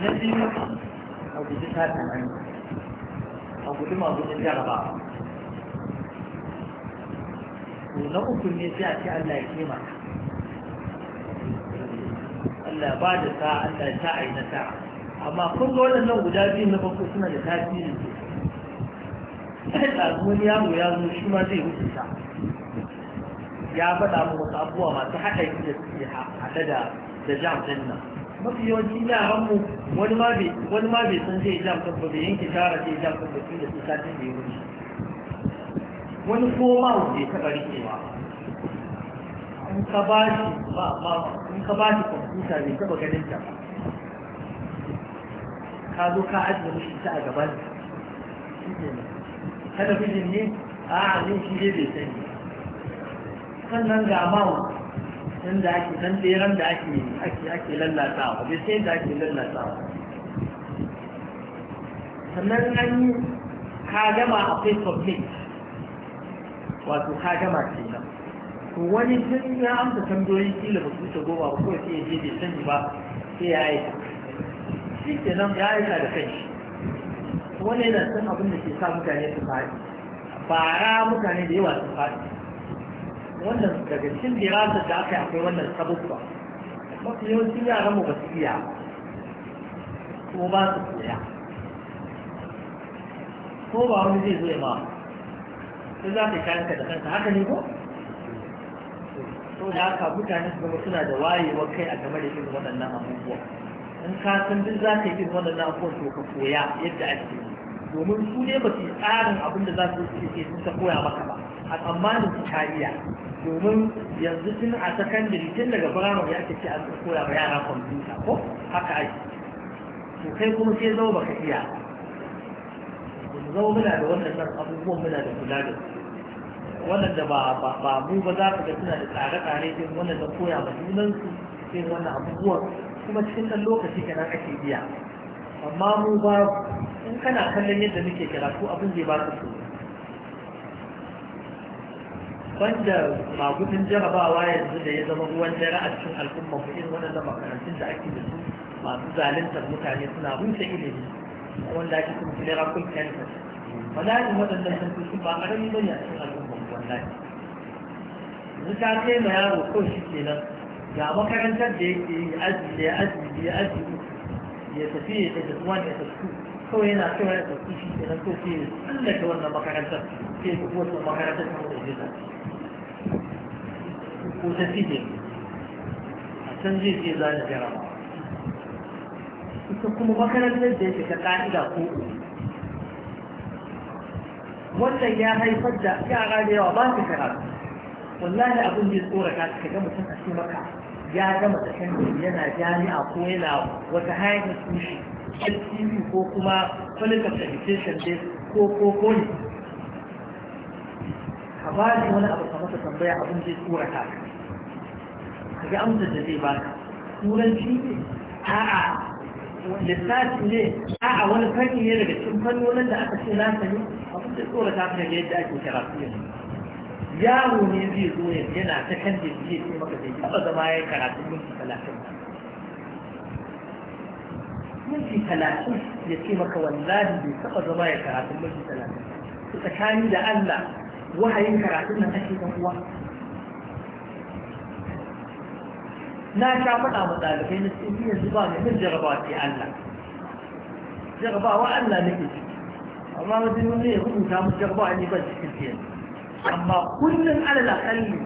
sannan a guji tashin hanya a guji magudin jaraba na uku ne sai a ce Allah ya kima Allah ba da sa Allah ya sa'ai na sa amma kun ga waɗannan guda biyu na farko suna da tasiri sai ɗazuwar yaro ya zo shi ma zai hukunta ya faɗa mu wasu abubuwa masu haɗari da suke haɗe da jam ɗin nan mafi yawanci yaran mu wani ma bai wani ma bai san zai jam kan ba bai yanke shara zai jam kan ba tun da sai satin da ya wuce wani ko ma bai taɓa rikewa in ka ba shi ba ma in ka ba shi kwamfuta bai taɓa ganin ta ka zo ka ajiye mishi ta a gaban kada fijin ne a zai shi zai bai sani sannan ga mawa da ake dan tseren da ake ake ake a wajen sai da ake lallatawa sannan an yi ka gama akwai submit wato ka gama nan. to wani sun ya amsa tambayoyi kila ba su goma ba kawai sai ya je bai sani ba sai ya aika shi nan ya aika da kai wani yana son abin da ke sa mutane su faɗi bara mutane da yawa su faɗi wannan daga cikin dirasa da aka yi akwai wannan sabubba mafi yawanci yaran mu ba su iya ko ba su koya ko ba wani zai zo ya ma sai za ka yi ka da kanka haka ne ko so da haka mutane su zama suna da wayewar kai a game da irin waɗannan abubuwa in ka san duk za ka yi irin waɗannan abubuwan to ka koya yadda ake domin su ne ba su tsarin abin da za su ke sun ta koya maka ba a tsammanin su kariya domin yanzu tun a sakandare tun daga firamare ake ce an koya ba yara kwamfuta ko haka ake to kai kuma sai zama baka iya zama muna da wannan abubuwan muna da kula da su Wannan da ba mu ba za ka ga suna da tsare-tsare din wannan da koya ma su sai wannan abubuwan kuma cikin ɗan lokaci kenan ake biya amma mu ba in kana kallon yadda muke karatu abin zai ba su so Wanda banda magudin jarabawa yanzu da ya zama ruwan dare a cikin al'umma ku irin zama makarantun da ake da su masu zaluntar mutane suna rusa ilimi wanda ake kuma clerical wanda wallahi waɗannan sun fi ba ƙarami bane a cikin al'umma ku wallahi yanzu ta kai ma yaro ko shi kenan ga makarantar da yake yi aji da ya aji da ya aji ya tafi ya tafi kuma ya tafi kawai yana kawai ya tafi shi kenan ko sai ya tsallaka wannan makarantar sai ya tafi wannan makarantar ta wata jirgin ko ta sihiri a can zai ce za ni jarama ita kuma makarantar da yake ta ka'ida ko wannan ya haifar da yara da yawa ba su karatu wallahi abin da ya tsoraka ka ga mutum a maka ya gama sakandare yana jami'a ko yana wata hanyar tushe HTV ko kuma College of Education dai ko ko ko ne. Ka ba wani abu ka masa tambaya abin zai tura ka. ga amsar da zai baka turanci ne a'a lissafi ne a'a wani fanni ne daga cikin fannonin da aka ce na sani abin da tsora ta fi yadda ake karatu yanzu yaro ne zai zo yanzu yana ta kan da zai ce maka bai taɓa zama ya karatu minti talatin minti talatin ya ce maka wallahi bai taɓa zama ya karatu minti talatin tsakani da Allah wahayin karatun nan ake ɗan uwa ناشا منا مطالب في نسيبية زبانية من رغباتي ألا رغبا وألا نكتش الله مدين وليه هم كانوا رغبا اللي بس كتير أما كل على الأقل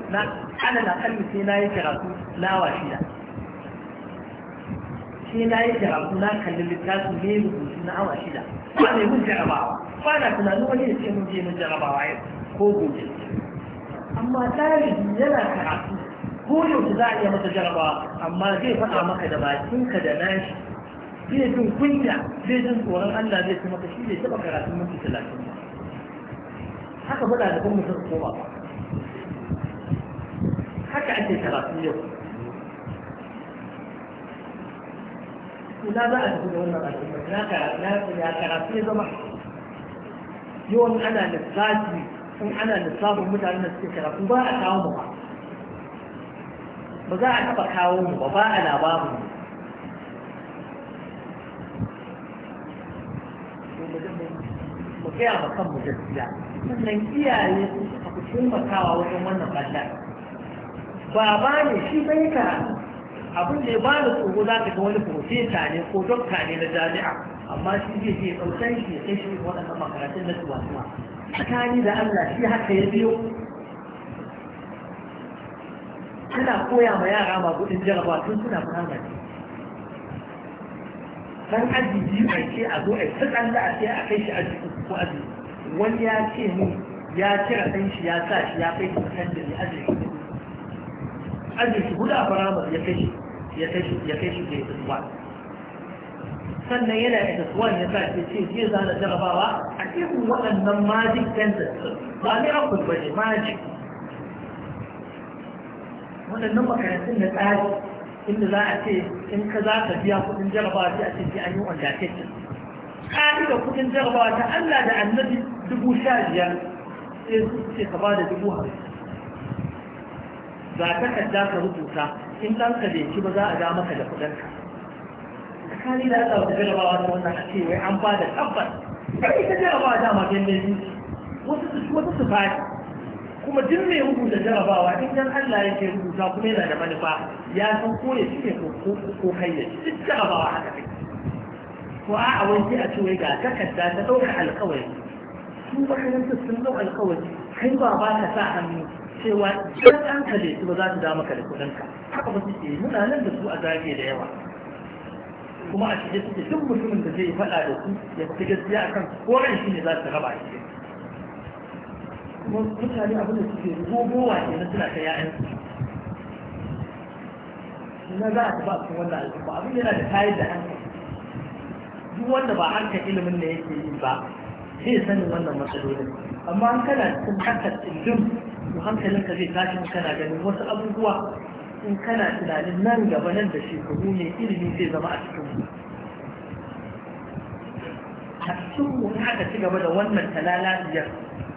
على الأقل سينا يتغلق لا واشيلا سينا يتغلق لا كل اللي كاسو ليه بسينا واشيلا وأنا هم رغبا وأنا كنا نوليه سينا جينا رغبا وعيد هو قوجي أما تاريخ يلا تغلق ko yaushe za a iya masa jaraba amma zai faɗa maka da bakinka da nashi zai jin kunya zai jin tsoron Allah zai ce maka shi zai taɓa karatun minti talatin haka faɗa da kuma sun koma haka ake karatun yau ina za a tafi da wannan al'umma ya karatu ya zama yawan ana lissafi in ana lissafin mutanen da suke karatu ba a kawo mu ba ba za a taɓa kawo mu ba ba a labarin mu ya ma kanmu gaskiya sannan iyaye a ku taimakawa wajen wannan ɓallar baba ne shi bai ka abin da ya ba da tsoro za ka ga wani profesa ne ko dokta ne na jami'a amma shi zai je ɗaukan shi ya kai shi waɗannan makarantun na tuwa tuwa tsakani da Allah shi haka ya biyo suna koya ma yara ma kudin jaraba tun suna firamare dan aji biyu a ce a zo a ta da a ce a kai shi aji uku ko aji wani ya ce mu ya kira ɗan shi ya sa shi ya kai shi kan aji hudu aji shi hudu a firamare ya kai shi ya kai shi ya kai shi ke yasuwa sannan yana da yasuwa ya sa ke ce zai zana jarabawa a cikin waɗannan magic sentences ba ne akwai bane magic waɗannan makarantun na tsari inda za a ce in ka za ka biya kuɗin jarabawa sai a ce sai an yi Tsari da kuɗin jarabawa ta Allah da annabi dubu sha biyar sai su ce ka ba da dubu hamsin ga takarda ka rubuta in ɗan ka bai ba za a ga maka da kuɗinka tsakani da Allah wata jarabawa ta wannan a ce wai an ba da tabbas kai ita jarabawa dama gandun wasu su fadi kuma duk mai rubuta jarabawa in dan Allah yake rubuta kuma yana da manufa ya san ko ya ci ko ko kai duk jarabawa haka kai ko a a wani a ce wai ga takarda ta dauka alƙawari su makarantar sun dau alƙawari kai ba ba ka sa hannu cewa idan an kalle su ba za su da maka da kuɗinka haka ba suke muna nan da su a zage da yawa kuma a shige suke duk mutumin da zai faɗa da su ya fi gaskiya akan koren shi ne za su raba shi mutane abin da suke gogowa ke na suna ta 'ya'yansu. na za a tafi a wannan al'umma abin yana da tayar da hankali duk wanda ba harkar ilimin da yake yi ba zai sanin wannan matsalolin amma an kana cikin harkar tsindin to hankalinka zai tashi kana ganin wasu abubuwa in kana tunanin nan gaba nan da shekaru ne ilimi zai zama a cikin a cikin mu haka ci gaba da wannan talalatiyar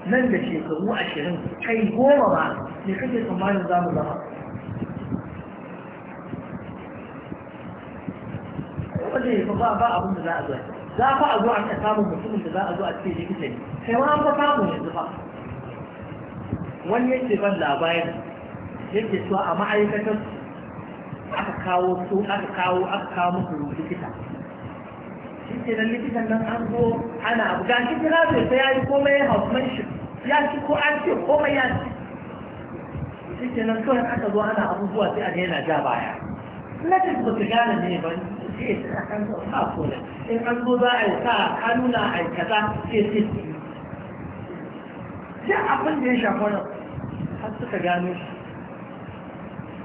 nan da shekaru ashirin kai goma ba ne kake tsammanin za mu zama wadda ya ba ba abin da za a zo za fa a zo a ta samun mutumin da za a zo a cikin likita ne kai ma an fa samun yanzu ba wani yake ban labarin yake cewa a ma'aikatar aka kawo su aka kawo aka kawo musu likita shi ke nan likitan nan an zo ana abu ga shi kira sai ya yi komai hausman shi ya ci ko an ce komai ya ci shi ke nan kawai aka zo ana abubuwa sai a daina ja baya lakin ba su gane ne ba sai ya sa kan zo sa in an zo za a yi sa kanuna a yi kaza sai sai sai abin da ya shafi wannan har suka gano shi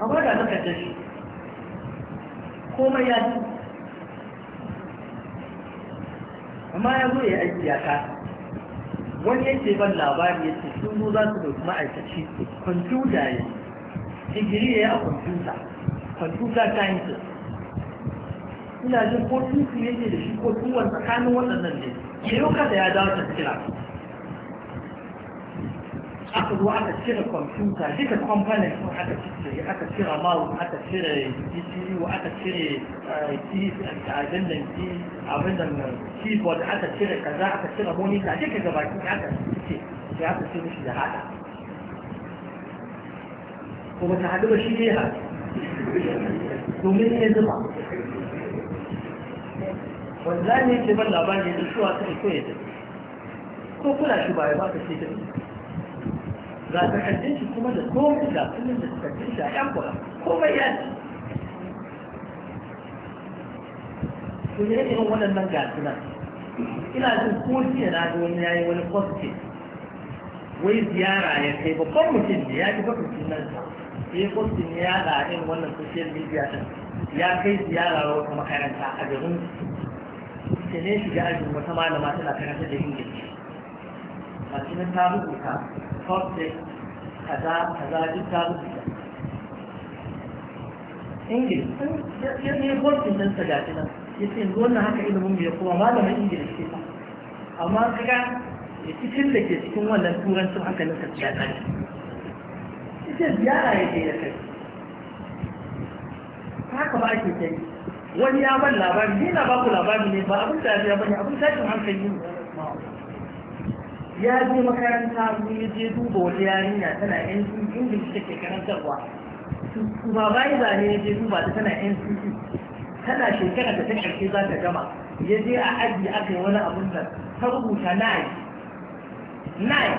amma da suka ce shi komai ya ci amma ya zo ya yi aiki ya kasa wani yake ban labari ya ce sun zo za su ɗauki ma'aikaci kwamfuta ya digiri ya yi a kwamfuta kwamfuta sciences ina jin ko su yake da shi ko tuwon tsakanin waɗannan ne ke yau kada ya dawo ta kira. aka zo aka cire kwamfuta duka kwamfanin sun aka cire aka cire mouse aka cire cpu aka cire agendan ki abinda keyboard aka cire kaza aka cire monitor duka gabaki aka cire shi aka ce mishi da hada ko ba ta hadu ba shi ne ha domin ne zuba wanda ne ke ban labari da suwa ta iko ya ko kula shi ba ya ba ka ce ta ga takardun shi kuma da komai da kullum da takardun shi a yan kuwa komai ya ce to ne irin waɗannan gasu nan ina jin ko jiya na ga wani yayi wani kwastin wai ziyara ya kai babban mutum ne ya ji babban mutum nan sai ne ya da irin wannan social media din ya kai ziyara wata makaranta a garin ne shiga ajin wata malama tana karanta da ingilishi Masu cikin ta rubuta conflict kaza kaza duk ta rubuta English ya ne gwamnatin nan ta gaji nan ya ce wannan haka ilimin bai kowa malamin English ce ba amma kaga da cikin da ke cikin wannan turancin hankalin ka ya tsari ita ziyara ya ke da kai haka ba ake kai wani ya ban labari ni na ba ku labari ne ba abin da ya ne, abin tashin hankali ne ya je makaranta ko ya je duba wata yarinya tana yan da suke karantarwa kuma bayi ba ne ya je duba ta tana yan tana shekara da ta karshe za ta gama ya je a aji aka yi wani abun da, ta rubuta nai nai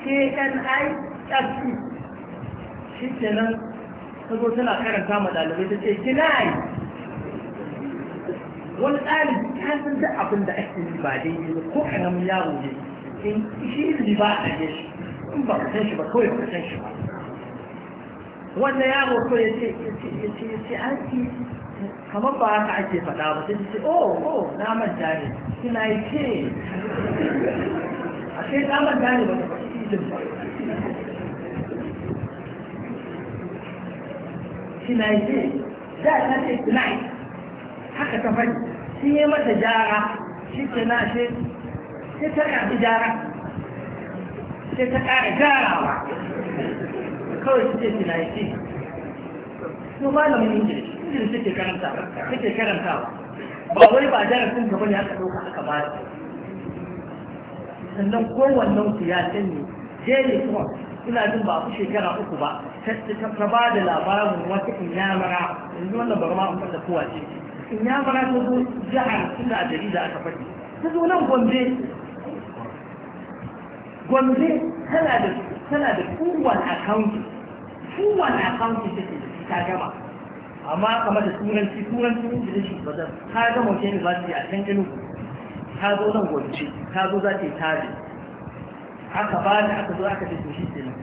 k n i f c shi ke nan ta zo tana karanta ma dalibai, ta ce ki nai wani ɗalibi ta san duk abin da ake yi ba daidai ko ƙaramin yaro ne in shi ilimi ba a yi shi in ba ka san shi ba ko ba san shi ba wanda yaro ko ya ce ya ce ya ce aiki kamar ba haka ake faɗa ba sai ce oh oh na manta ne suna yi ce a sai na manta ne ba ta faɗi ilimi ba suna yi ce da ta ce tonight haka ta faɗi shi ya mata jara shi ke na shi sai ta ƙarfi gyara sai ta ƙara gyarawa kawai su ce tunaici su malamin ingilishi ingilishi take su take karantawa ba wai ba darasin gaba ne aka ɗauka aka ba su sannan kowanne su ya sani jere kuma suna jin ba ku shekara uku ba ta ba da labarin wata inyamara yanzu wannan bari ma an fata kowa ce inyamara ta zo jihar suna jarida aka faɗi ta zo nan gombe gombe tana da tana da kowane akaunti kowane akaunti take ta gama amma kamar da turanci turanci shi ba zan ta gama wata university a can ilu ta zo nan gwamce ta zo za ta yi tare aka ba da aka zo aka ce to shi ke nan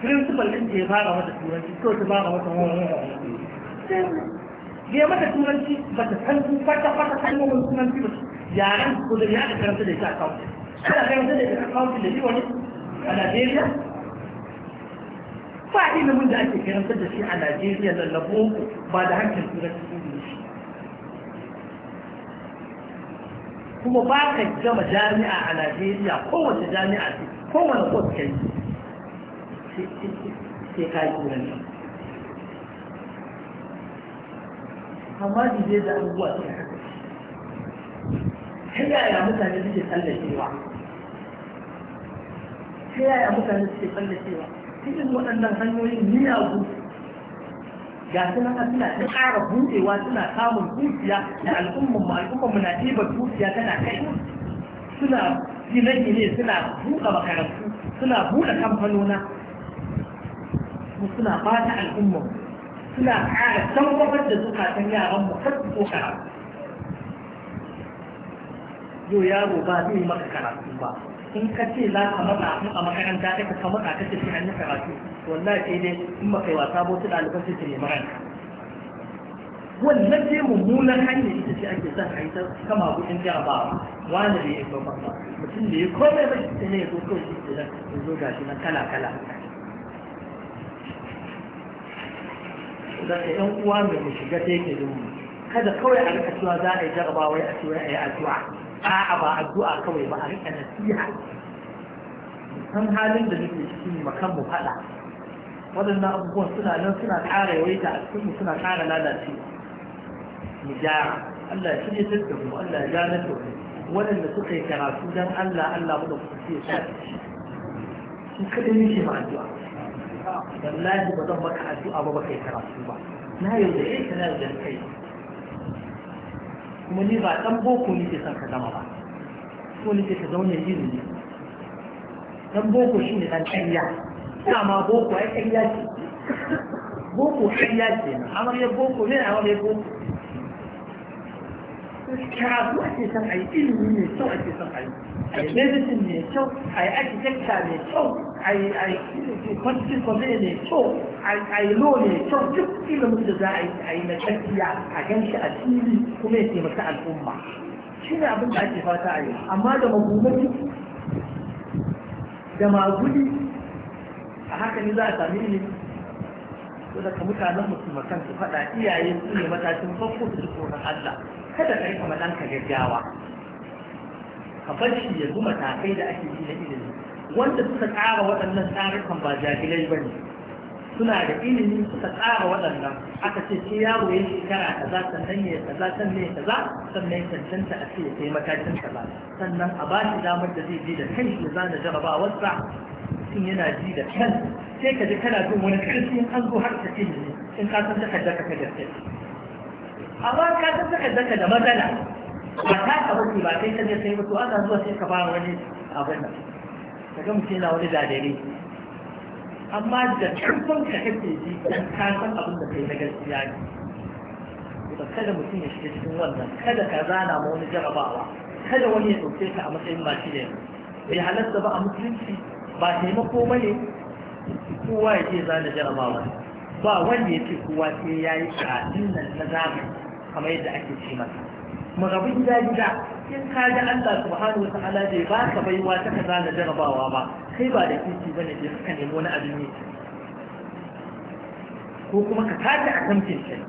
principal ɗin ya fara mata turanci ko ta fara mata wani ya mata turanci ba ta san kwata kwata kalmomin turanci ba yaren ko da ya da karanta da ta akaunti ana ganin wata daga akawuntin da wani a najeriya ba ilimin da ake karantar da shi a najeriya da labonku ba da hankali turanci ingilishi kuma ba ka gama jami'a a najeriya kowace jami'a ce kowane kwas kai sai ka yi turanci amma jide da abubuwa suka ta yaya mutane suke tsallacewa ta yaya mutane suke tsallacewa cikin waɗannan hanyoyin miyagu ga su nan suna ta ƙara buɗewa suna samun dukiya da al'ummar mu al'ummar mu na ɗibar dukiya tana kai suna gine-gine suna buɗe makarantu suna buɗe kamfanona suna ba ta al'ummar suna ƙara tabbatar da zukatan yaran mu kar su so karatu yau yaro ba zai maka karatu ba in ka ce za ka matsa in a makaranta ka ka matsa ka ce sai an yi karatu wallahi sai dai in ba kai wasa ba wasu ɗaliban sai su nemi ranka wannan dai mummunan hanyar ita ce ake son a yi ta kama gudun jarabawa wani da ya yi ba ba mutum da ya komai ba shi ne ya zo kawai shi da ya zo gashi nan kala kala zaka yan uwa mai mu shiga ta yake mu kada kawai a rika za a yi jarabawai a cewa a yi addu'a a'a ba addu'a kawai ba a rika nasiha san halin da nake ciki makan mu faɗa waɗannan abubuwan suna nan suna ƙara yawaita a cikin suna ƙara lalace mu gyara Allah ya shirye da mu Allah ya gane da mu waɗanda suka yi karatu dan Allah Allah mu da ku ce sa shi kada ne shi ma addu'a wallahi ba zan maka addu'a ba baka kai karatu ba na yau eh, da kai na yau da kai kuma ni ba ɗan boko ni ke son ka zama ba so ke ka zaune ɗan boko shi ne ɗan ƙarya boko ai ƙarya ce boko ƙarya ce na boko ne amaryar boko karatu ake san a yi ilimi mai kyau ake son a yi a yi medicine mai kyau a yi architecture mai kyau a yi a yi constitution committee mai kyau a yi law mai kyau duk ilimin da za a yi a yi na gaskiya a gan shi a fili kuma ya taimaka al'umma shi ne abin da ake fata a yi amma da magumai da maguli a haka ne za a sami ilimi ko daga mutanen kan su faɗa iyaye su ne matashin farko da su tsoron Allah kada ka yi kama ɗanka gaggawa ka bashi ya zuma matakai da ake yi na ilimi wanda suka tsara waɗannan tsarukan ba jahilai ba ne suna da ilimi suka tsara waɗannan aka ce ce yaro ya shekara kaza sannan ya kaza sannan ya kaza sannan ya cancanta a ce ya kai matakin ba. sannan a ba shi damar da zai je da kan shi zana jarabawarsa mutum yana ji da kan sai ka ji kana jin wani ƙarfin an zo har ka ce in ka san takardar ka ka gaske amma ka san saka zaka da matsala ba ta ka wuce ba kai kaje sai mutu ana zuwa sai ka fara wani abin nan ga mutum yana wani dadare amma da karfin ka kake ji dan ka san abin da kai na gaskiya ne to kada mutum ya shiga cikin wannan kada ka zana ma wani jarabawa kada wani ya dauke ka a matsayin ba shi ne bai halatta ba a mutunci ba taimako ba ne kowa ya ce zana jarabawa ba wanda ya ce kowa sai ya yi karatun nan na zamani kamar yadda ake ce masa magabi gida gida in ka ga Allah subhanahu wa ta'ala bai ba ka baiwa ta kaza da jarabawa ba kai ba da kici bane da suka nemi wani abin yi ko kuma ka tashi a kamfin kai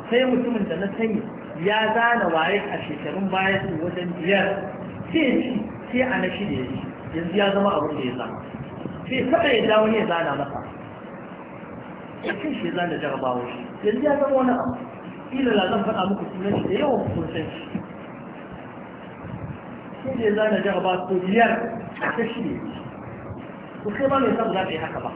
akwai mutumin da na sani ya zana waye a shekarun baya su wajen biyar sai ci sai a na shi da ya ci yanzu ya zama abin da ya zama sai saba ya dawo ne ya zana masa ya kai shi zana jarabawa shi yanzu ya zama wani abu kila la zan faɗa muku sunan shi da yawan kun san shi shi ne za na ba to biyar ta shi ne ku sai ba mai za ka yi haka ba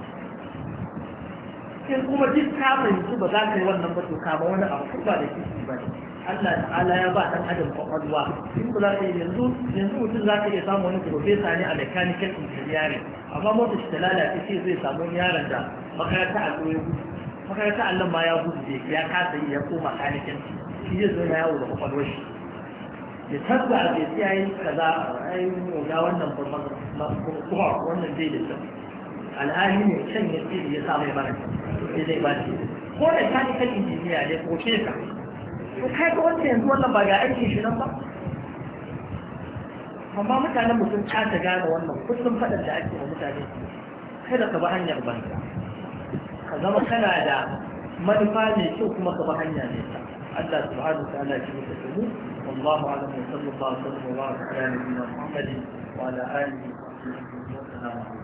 in kuma duk ka fahimci ba za ka yi wannan ba to ba wani abu ba da kiki ba ne Allah ta'ala ya ba dan adam kwakwalwa in ba za ka yi yanzu yanzu mutum za ka iya samu wani profesa ne a mechanical engineering amma motar shi ta lalace sai zai samu yaron da makaranta a tsoye makaranta allon ma ya gudu da ya kasa yi ya koma kanikin shi zai zai yawo da kwakwalwa shi ya tabba a zai yayi kaza a yi ga wannan kuma wannan zai da tafi al'ahi ne can ya tsiri ya samu ya mara ya zai ba shi ko da kanikin injiniya ne ko ke ka to kai ka wanda yanzu wannan ba ga aikin shi nan ba amma mutanen mutum kasa gane wannan kusan faɗin da ake wa mutane kada ka ba hanyar banza ka zama kana da manufa mai kyau kuma ka ba hanya ne kyau Allah subhanahu wa ta'ala ya mutu da mu wallahu a'lam wa sallallahu alaihi wa sallam Muhammadin wa ala alihi wa sahbihi wa sallam